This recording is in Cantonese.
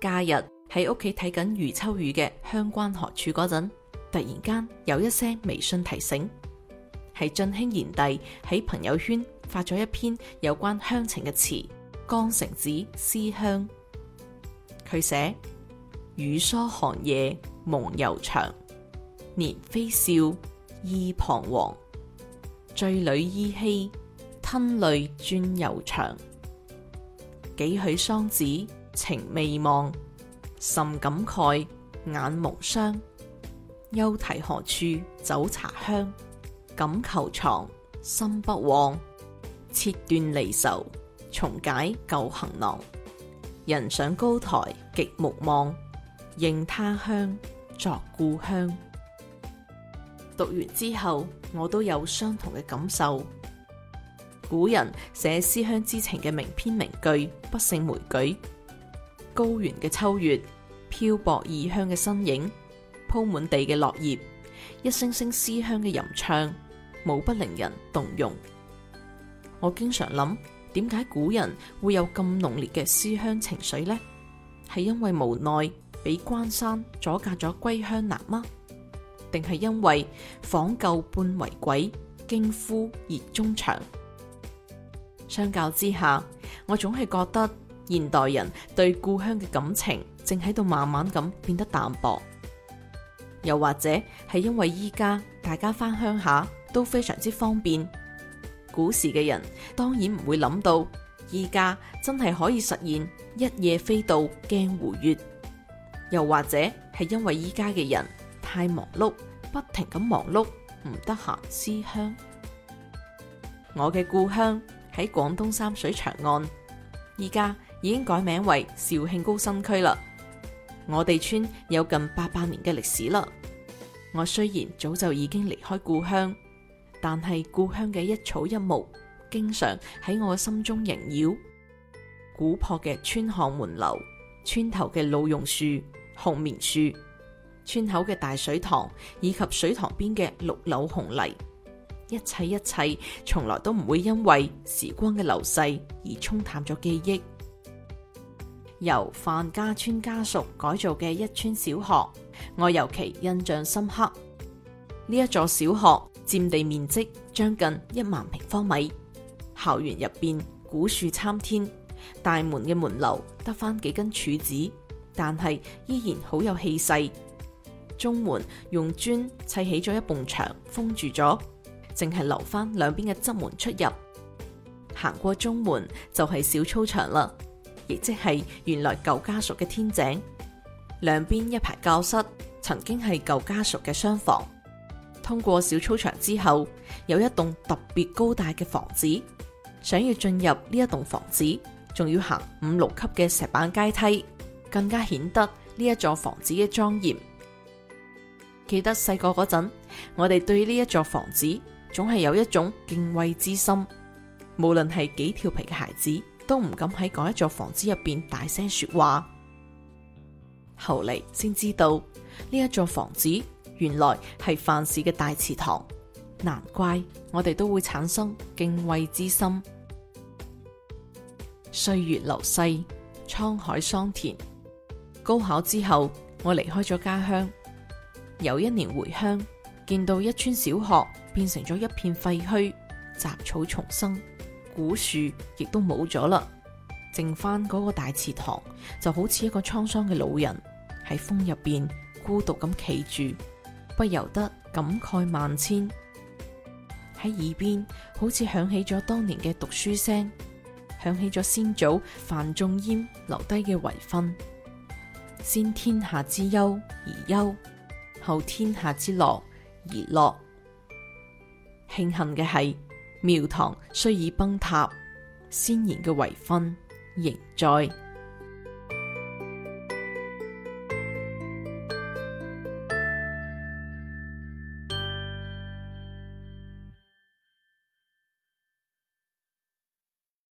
假日喺屋企睇緊余秋雨嘅《鄉關何處》嗰陣，突然間有一聲微信提醒，係晉興賢弟，喺朋友圈發咗一篇有關鄉情嘅詞《江城子思鄉》寫。佢寫雨疏寒夜夢猶長，年非少，意彷徨，醉裏依稀吞淚轉柔腸，幾許桑梓情未忘，甚感慨，眼蒙霜。休提何處酒茶香，錦裘床，心不往。切斷離愁，重解舊行囊。人上高台極目望，認他鄉，作故鄉。讀完之後，我都有相同嘅感受。古人寫思鄉之情嘅名篇名句，不勝枚舉。高懸嘅秋月，漂泊異鄉嘅身影，鋪滿地嘅落葉，一聲聲思鄉嘅吟唱，無不令人動容。我經常諗，點解古人會有咁濃烈嘅思鄉情緒呢？係因為無奈俾關山阻隔咗歸鄉難嗎？定係因為訪舊半為鬼，驚呼熱中腸？相較之下，我總係覺得。現代人對故鄉嘅感情正喺度慢慢咁變得淡薄，又或者係因為依家大家翻鄉下都非常之方便。古時嘅人當然唔會諗到，依家真係可以實現一夜飛到鏡湖月。又或者係因為依家嘅人太忙碌，不停咁忙碌，唔得閒思鄉。我嘅故鄉喺廣東三水長岸，依家。已經改名為肇慶高新區啦。我哋村有近八百年嘅歷史啦。我雖然早就已經離開故鄉，但係故鄉嘅一草一木，經常喺我心中縈繞。古朴嘅村巷門樓，村頭嘅老榕樹、紅棉樹，村口嘅大水塘，以及水塘邊嘅綠柳紅荔，一切一切，從來都唔會因為時光嘅流逝而沖淡咗記憶。由范家村家塾改造嘅一村小學，我尤其印象深刻。呢一座小學佔地面積將近一萬平方米，校園入邊古樹參天，大門嘅門樓得返幾根柱子，但係依然好有氣勢。中門用磚砌，砌起咗一埲牆封住咗，淨係留返兩邊嘅側門出入。行過中門就係、是、小操場啦。亦即係原來舊家塾嘅天井，兩邊一排教室，曾經係舊家塾嘅廂房。通過小操場之後，有一棟特別高大嘅房子。想要進入呢一棟房子，仲要行五六級嘅石板階梯，更加顯得呢一座房子嘅莊嚴。記得細個嗰陣，我哋對呢一座房子總係有一種敬畏之心，無論係幾調皮嘅孩子。都唔敢喺嗰一座房子入邊大聲說話，後嚟先知道呢一座房子原來係范氏嘅大祠堂，難怪我哋都會產生敬畏之心。歲月流逝，滄海桑田。高考之後，我離開咗家鄉。有一年回鄉，見到一村小學變成咗一片廢墟，雜草叢生。古樹亦都冇咗啦，剩翻嗰個大祠堂就好似一個滄桑嘅老人喺風入邊孤獨咁企住，不由得感慨萬千。喺耳邊好似響起咗當年嘅讀書聲，響起咗先祖范仲淹留低嘅遺訓：先天下之憂而憂，後天下之樂而樂。慶幸嘅係。廟堂雖已崩塌，先賢嘅遺訓仍在。